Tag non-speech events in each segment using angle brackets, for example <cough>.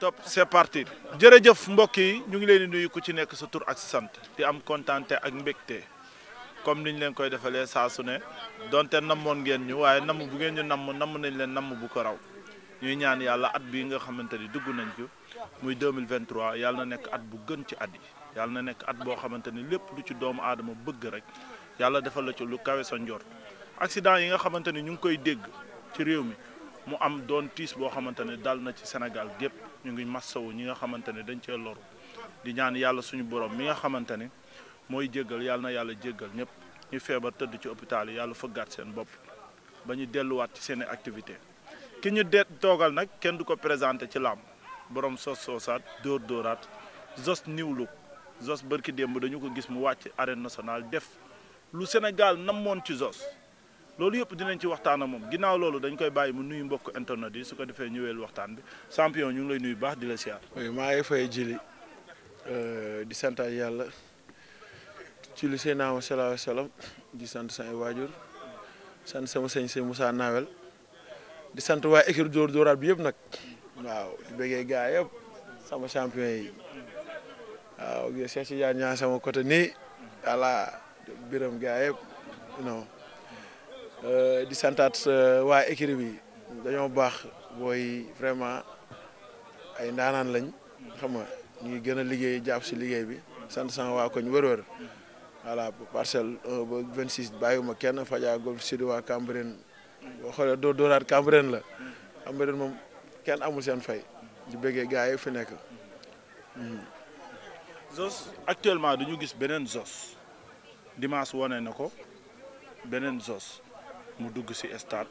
top c'est parti jërëjëf mbokk yi ñu ngi leen di nuyu ku ci nekk sa tur ak sant di am kontante ak mbégte comme niñ leen koy defalee saa su ne donte namoon ngeen ñu waaye namm bu ngeen ñu namm nañ leen namm bu ko raw ñuy ñaan yàlla at bi nga xamante ni dugg nañ ci muy 2023 yàlla na nekk at bu gën ci at yi yàlla na nekk at boo xamante ni lépp lu ci doomu aadama bëgg rek yàlla defal la ci lu kawe sa njort accident yi nga xamante ni ñu ngi koy dégg ci réew mi mu am doon tiis boo xamante ne dal na ci Sénégal gépp ñu ngi massawu ñi nga xamante ne dañ cee loru di ñaan yàlla suñu borom mi nga xamante ne mooy jéggal yàlla na yàlla jéggal ñëpp ñu feebar tëdd ci hôpital yi yàlla fëggaat seen bopp ba ñu delluwaat ci seen i activité ki ñu de toogal nag kenn du ko présenté ci làmb borom sos soosaat door dooraat Zoss New Look Zoss bërki démb dañu ko gis mu wàcc arène national def lu Sénégal namoon ci Zoss loolu yëpp dinañ ci waxtaan ak moom ginnaaw loolu dañ koy bàyyi mu nuyu mbokk internet yi su ko defee ñëweel waxtaan bi champion ñu ngi lay nuyu baax di la siyaar. maa ngi fay jili euh, di sant yàlla ci lu seen naama salaahu salaam di sant say waajur sant sama sëñ si Moussa Nawel di sant waa équipe Dóor Dóoraat bi yëpp nag. waaw di bëggee gars yëpp sama champion yi waaw gis Cheikh Tidiane ñaa sama côté nii voilà biram gars yëpp non euh, di santaat euh, waa équipe bi dañoo baax booy vraiment ay ndaanaan lañ xam nga ñu ngi gën a liggéey jàpp si liggéey bi sant sama waa koñ wër-wër voilà parcelle ba 26 bàyyiwuma kenn Fadia Golf Sud waa Cambérène boo xoolee doo dooraat la Cambérène moom. kenn amul seen fay ñu bëggee gars yi fi nekk. Mhm. Zoss actuellement dañu gis beneen Zoss dimanche wane na ko beneen Zoss mu dugg ci stade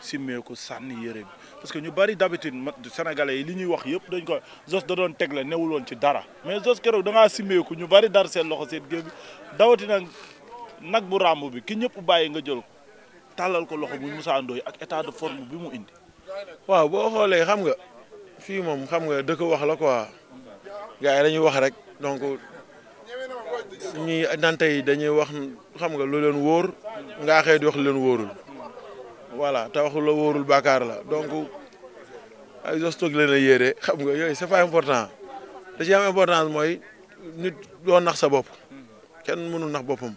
simmeeku sànni yére bi parce que ñu bari d'habitude sénégalais yi li ñuy wax yëpp dañ ko Zoss da doon tegle newuloon ci dara mais Zoss keroog da simmeeku ñu bari dar seen loxo seen géej bi dawatina nag bu ràmb bi ki ñëpp bàyyi nga jël tàllal ko loxo bu Moussa Ndoye ak état de forme bi mu indi. waaw boo xoolee xam nga fii moom xam nga dëkk wax la quoi gars yi dañuy wax rek donc ñi nante yi dañuy wax xam nga lu leen wóor ngaa di wax leen wóorul voilà te waxula woorul wóorul la donc ay jostoog leen a yéere xam nga yooyu c'est pas important da ci am importance mooy nit doo nax sa bopp kenn mënul nax boppam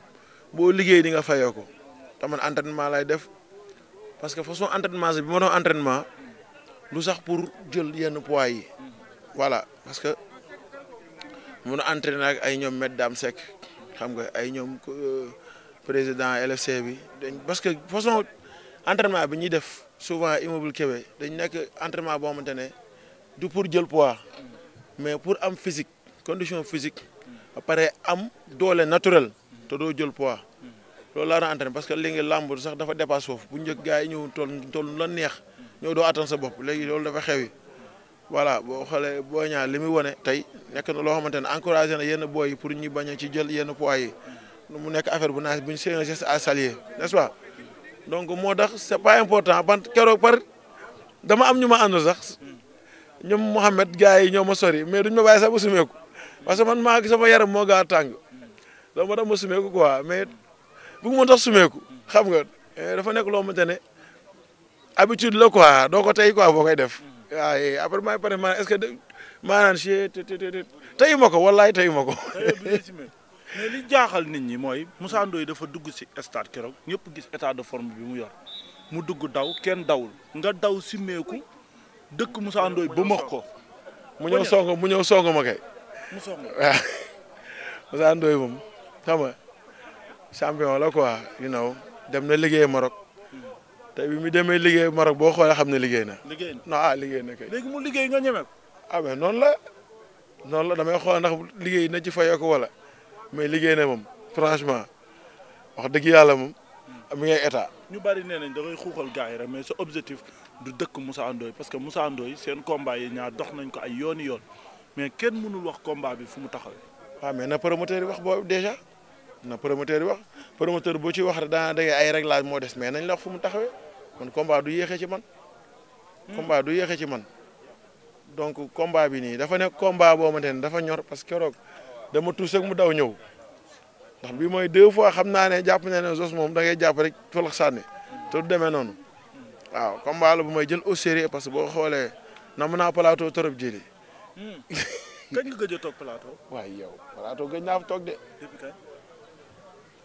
boo liggéey di nga fayoo ko te lay def parce que façon entraînement bi ma doon entraînement lu sax pour jël yenn pois yi voilà parce que mun a entraîné ak ay ñoom Med Dame Seck xam nga ay ñoom euh, président LFC bi dañ parce que façon entraînement bi ñuy def souvent immobile Kébé dañ nekk entraînement boo xamante ne du pour jël pois mais pour am physique condition physique ba pare am doole naturel te doo jël pois loolu laa entraîné parce que léegi làmb sax dafa dépasse fof bu ñëk gaay yi ñëw toll toll la neex ñëw do attan sa bop léegi loolu dafa xewi voilà bo xalé bo ñaa limi woné tay nek na lo xamantene encourager na yenn boy pour ñi baña ci jël yenn poids yi lu mu nek affaire bu naaj buñu séne geste à salier n'est-ce pas donc moo tax c'est pas important ban kéro par dama am ñuma ma sax ñom mohammed gaay ñoma sori mais duñ ma bàyyi sax ba sumeeku parce que man ma maa sama yaram mo ga tang dama da musumeku quoi mais. bëgguma tax sumeeku xam nga eh, dafa nekk loo xamante ne habitude la ko doo ko tey quoi boo koy def waaye après maa ngi pare maanaam est-ce que maanaam si teyu ko wallaay tey ma ko. Eh, mais li jaaxal nit ñi mooy Moussa Ndoye dafa dugg si stade keroog ñëpp gis état de forme bi mu yor mu dugg daw kenn dawul nga daw simeeku dëkk Moussa Ndoye ba max ko. mu ñëw song mu ñëw song ma kay. mu song <laughs> champion la quoi you know dem na liggéey Maroc te bi mu demee liggéey Maroc boo xoolee xam ne liggéey na. liggéey na ah, liggéey na kay. léegi mu liggéey nga ñeme ko. ah noonu la noonu la damay xool ndax liggéey na ci fayoo ko wala mais liggéey na moom franchement wax dëgg yàlla moom. mi ngay état. ñu bari nee nañ da ngay xuuxal gars yi rek mais sa objectif du dëkk Moussa Ndoye parce que musaandooy seen combat yi ñaar dox nañ ko ay yooni yoon mais kenn mënul wax combat bi fu mu taxawee. Ah, na promoteur yi wax promoteur boo ci wax rek daanaa dégg ay réglage moo des mais nañ la wax fu mu taxawee man combat du yéexee ci man. combat du yéexee ci man. donc combat bi nii dafa nekk combat boo xamante ne dafa ñor parce que keroog dama tuus mu daw ñëw ndax bi mooy deux fois xam naa ne jàpp na ne Zoss moom da ngay jàpp rek fëlax sànni te du demee noonu waaw combat la bu may jël au sérieux parce que boo xoolee na mën naa plateau trop jëli. Hmm. kañ nga gëj a toog plateau. waaye yow plateau gëj naa fa toog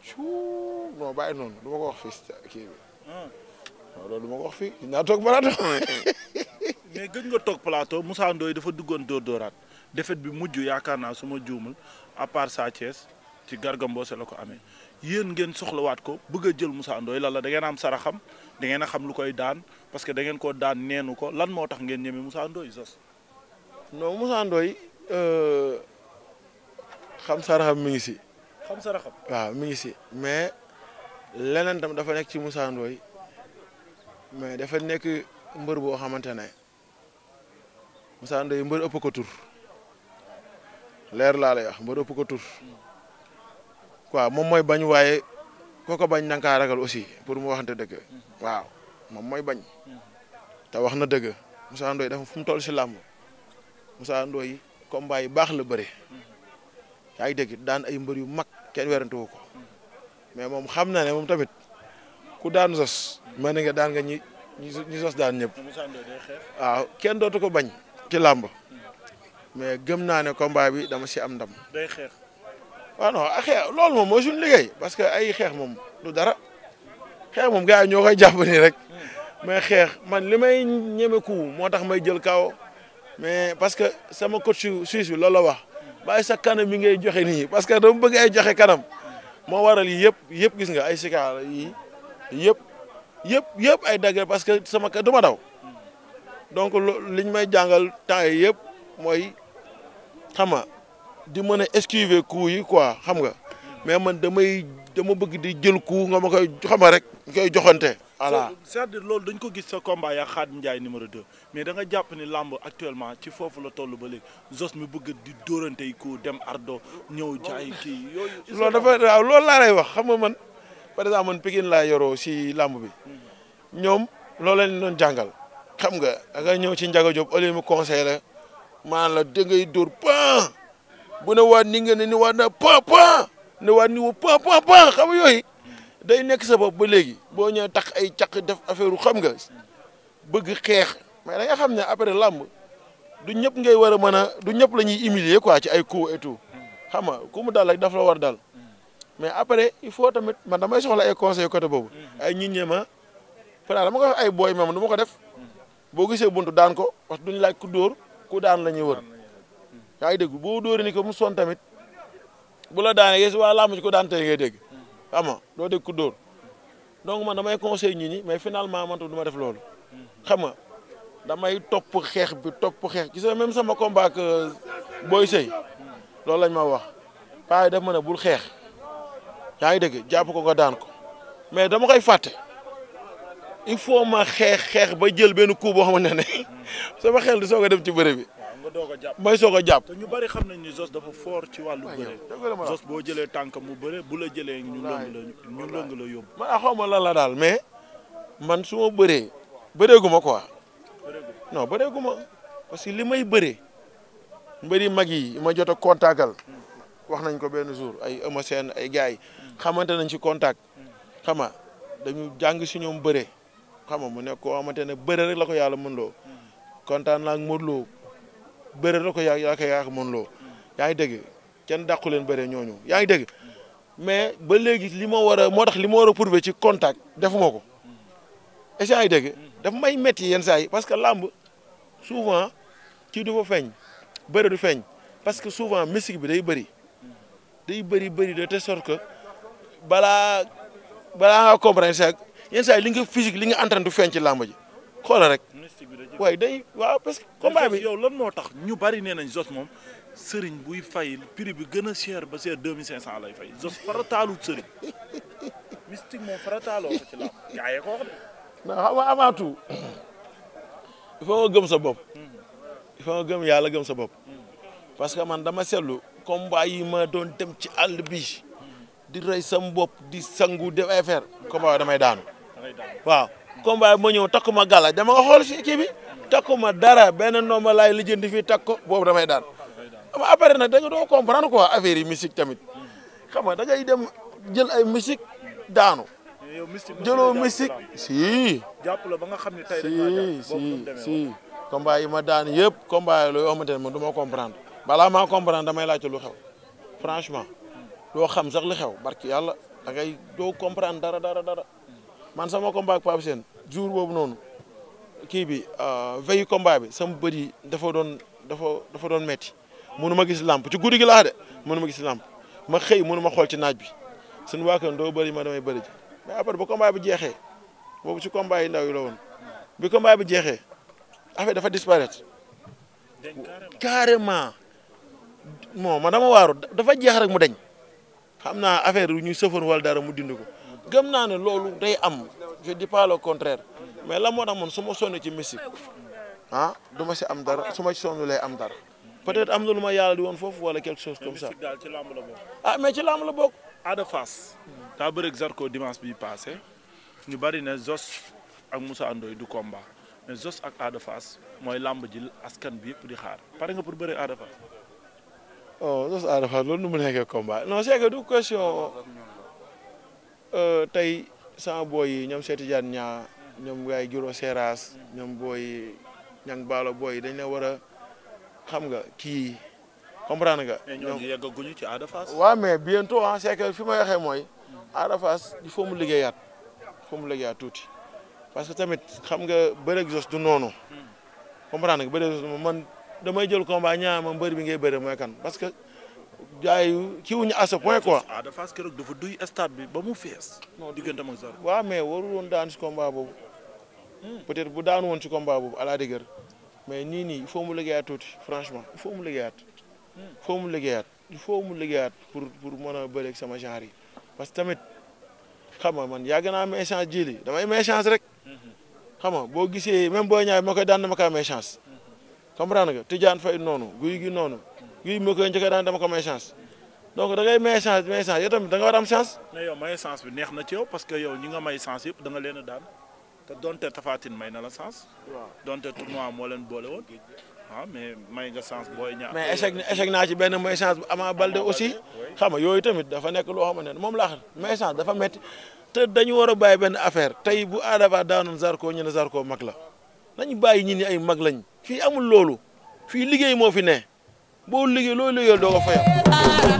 cuuu non bàyyi noonu du ma ko wax fii ah. loolu du ma ko wax fii dinaa toog plateau. <laughs> mais gëj nga toog plateau Moussa dafa duggoon dóor dooraat défaite bi mujj yaakaar naa suma ma juumul à part ci Garga la ko amee yéen ngeen soxlawaat ko bëgg a jël Moussa Ndoye lan la da ngeen am saraxam da ngeen a xam lu koy daan parce que da ngeen koo daan neenu ko lan moo tax ngeen ñeme Moussa Ndoye Zoss. non Moussa Ndoye euh, xam saraxam mi ngi si. xam sa raxam waaw mi ngi si mais leneen tam dafa nekk ci Moussa Ndoye mais dafa nekk mbër boo xamante ne Moussa Ndoye mbër ëpp ko tur leer laa lay wax mbër ëpp ko tur quoi moom mooy bañ waaye koo ko bañ na ragal aussi pour mu waxante dëgg waaw moom mooy bañ te wax na dëgg Moussa Ndoye dafa fu mu toll si làmb Moussa Ndoye combat yi baax la bëre yaa ngi dégg daan ay mbër yu mag kenn werante wu ko mais moom xam na ne moom tamit ku daan sos mën nga daan nga ñi ñi sos daan ñëpp waaw kenn dootu ko bañ ci làmb mais gëm naa ne combat bi dama si am ndam. day xeex. waaw ah, loolu moom mooy suñu liggéey parce que ay xeex moom du dara xeex moom gars yi ñoo koy jàpp nii rek mais xeex man li may ñeme ku moo tax may jël kaw mais parce que sama coach suisse bi loolu la bàyyi sa kanam mi ngay joxe nii parce que dama bëgg ay joxe kanam moo waral yi yëpp yëpp gis nga ay sikaar yi yëpp yëpp yëpp ay dagg parce que sama ka du ma daw donc liñ may jàngal temps yi yëpp mooy xam nga di mën a esquiver coup yi quoi xam nga mais man damay dama bëgg di jël coup nga ma koy xam rek koy joxante voilà c'est-à-dire loolu dañ ko gis sa combat yaa Khadim Ndiaye numéro 2 mais da nga jàpp ni làmb actuellement ci foofu la toll ba léegi Zoss mi bëgg di dóorante ko dem ardo ñëw jaay kii lool loolu dafa waaw loolu laa lay wax xam nga man par exemple man Pikine laa yoroo si làmb bi hmm. ñoom lool lañ doon jàngal xam nga da ñëw ci Ndiaga Diop au lieu mu la maanaam la dangay dóor bu ne waat ni nga ne ni waat na pan pan ne waat ni wu pan pan pan xam nga yooyu. day nek sa bop ba legui bo ñëwee tax ay ciak def affaireu xam nga bëgg xex mais da nga xam ne après lamb du ñëpp ngay wara mëna du ñëpp la humilier quoi ci ay coup et tout xam nga ku mu dal rek daf la war dal mais après il faut tamit man damay soxla ay conseil côté bobu ay ñit ñema fala dama ko wax ay boy mom du ko def bo gisé buntu daan ko parce duñ laaj ku door ku daan la wër yaay ngi bo door ni ko mu son tamit bu la daanee yeesu wa lamb ci ko daan tay ngay dégg xam nga doo dégg ku dóor donc man damay conseil ñi ñi mais finalement man tamit du ma def loolu. xam nga damay topp xeex bi topp xeex gis nga même sama combat booy euh, Boy Sey loolu lañ ma wax paa yi daf ma ne bul xeex yaa ngi dégg jàpp ko nga daan ko mais dama koy fàtte. il faut ma xeex xeex ba jël benn coup boo xamante ne <laughs> sama xel di soog a dem ci bëre bi. nga doog a jàpp may soog a jàpp. ñu bari xam nañ ni Zoss dafa fort ci wàllu bëre. Zoss boo jëlee tànka mu bëre bu la jëlee ñu lëng la ñu lëng la man xaw ma lan la daal mais man su ma bëree bëreeguma quoi. non bëreeguma parce que li may bëree mbëri mag yi ma jot a contactal wax nañ ko benn jour ay Eumeu ay gars yi xamante nañ ci contact xama dañu jàng si ñoom bëre xam nga mu nekk koo xamante ne bëre rek la ko yàlla mën loo mm. kontaan naa ak bëre la ko yaa yaa ko yaa ko mën loo yaa ngi dégg kenn dàqu leen bëre ñooñu yaa ngi dégg mais ba léegi li ma war moo tax li ma war a prouver ci contact defuma ko est ce yaa ngi dégg daf may métti yenn saa yi parce que làmb souvent ci du fa feeñ bëre du feeñ parce que souvent mystique bi day bëri day bëri bëri de te sorte que balaa balaa nga comprendre yenn saa li nga physique li nga entraîné du feeñ ci làmb ji xoolal rek. waaye day waaw parce que combat bi lan moo tax ñu bari nee nañ Zoss moom sëriñ buy fay prix bi gën a cher ba seer deux mille cinq cent lay fay Zoss farataalu sëriñ mystique moom farataaloo ko ci làmb gaa yee ko wax de. non sa bopp. il yàlla gëm sa bopp. que man dama seetlu combat yi ma doon dem ci àll bi di rey sam bopp di sangu def ay affaire combat daanu. damay daanu waaw. combat ma ñëw takku ma gala dama xool si kii takkuma dara benn ndomba laay di fii takk ko boobu damay daan ama après nag da nga doo comprendre quoi affaire yi tamit xam nga da ngay dem jël ay musique daanu. yow mystique jëloo mystique si. jàpp ba nga xam ne tey si si si. combat yi ma daan yëpp combat yi loo xamante ne man du ma comprendre balaa maa comprendre damay laajte lu xew franchement doo xam sax lu xew barki yàlla da ngay doo comprendre dara dara dara man sama combat ak Pape Sène jour boobu noonu. kii bi euh, veille combat bi sama bët yi dafa doon dafa dafa doon metti mënu ma gis làmp ci guddi gi laa de mënu ma gis làmp ma xëy mënu ma xool ci naaj bi suñu waa kër doo bëri ma damay bëri ji mais bi jeexee boobu ci yi ndaw yi la woon bi jeexee affaire dafa disparaître carrément moom ma dama waaru dafa jeex rek mu deñ xam naa affaire yu ñu sëfoon wala dara mu dind ko gëm naa loolu day am je dis pas le contraire mais la moo tax man su ma ci musique ah du ma si am dara su ma si sonn lay am dara peut-être am na lu di woon foofu wala quelque chose comme ça la ah mais ci làmb la bokk Ada Fass daa bëreeg Zarko dimanche bi passé ñu bari ne Zos ak Moussa Ndoye du combat mais Zos ak Ada Fass mooy làmb ji askan bi yëpp di xaar pare nga pour bëre Ada fas. oh Zos Ada Fass loolu nu mu nekkee combat non c'est que du question euh, tey sama boy yi ñoom seeti jaan ñaa ñoom waaye Juro Seras ñoom booy ñang baalo booy dañ la war a xam nga kii comprendre nga. ñoom yeggaguñu ci Ada Fass. waaw mais bientôt ah c'est que fi ma waxee mooy. Ada Fass il faut mu liggéeyaat il faut mu liggéeyaat tuuti parce que tamit xam nga bëreeg jos du noonu. comprendre nga bëreeg jos moom man damay jël combat ñaar ma mbër bi nga bëre mooy kan parce que gars yi kii wuñu à ce point quoi. Ada Fass bi ba mu fees. diggante ak waaw mais waru woon daan si combat boobu. peut-être bu daanu woon ci combat boobu à la rigueur mais nii nii il faut mu liggéeyaat tuuti franchement il faut mu liggéeyaat. Hmm. il faut mu liggéeyaat pour pour a bëreeg sama genre parce que tamit xam nga man yàgg naa amee chance ji li damay amee chance rek. Hmm. xam nga boo gisee même boo ñaay ma koy daan dama hmm. noonu guy gi noonu. guy ma koy njëkk a daan dama ko amee chance. donc da may chance may chance yow tamit da nga chance. mais yow may chance bi neex na ci yow parce que yow ñi nga may chance yëpp da nga te donte Tapha Tine may na la sens. waaw donte tournoi moo leen boole woon. waaw ah, mais may nga sens booy ñaar. mais échec échec naa ci benn mooy chance bu Ama Balde aussi xam nga yooyu tamit dafa nekk loo xamante ne moom laa xam mais chance dafa métti te dañu war a bàyyi benn affaire tey bu Ada Fass daanoon Zarko ñu ne Zarko mag la nañu bàyyi ñi ni ay mag lañ fi amul loolu fii liggéey moo fi ne boo liggéey loo liggéeyal doo ko fayam.